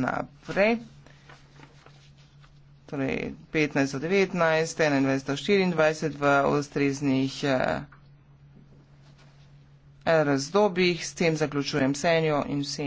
naprej. Torej 15 do 19, 21 do 24 v ustreznih eh, razdobjih. S tem zaključujem senjo in vsem.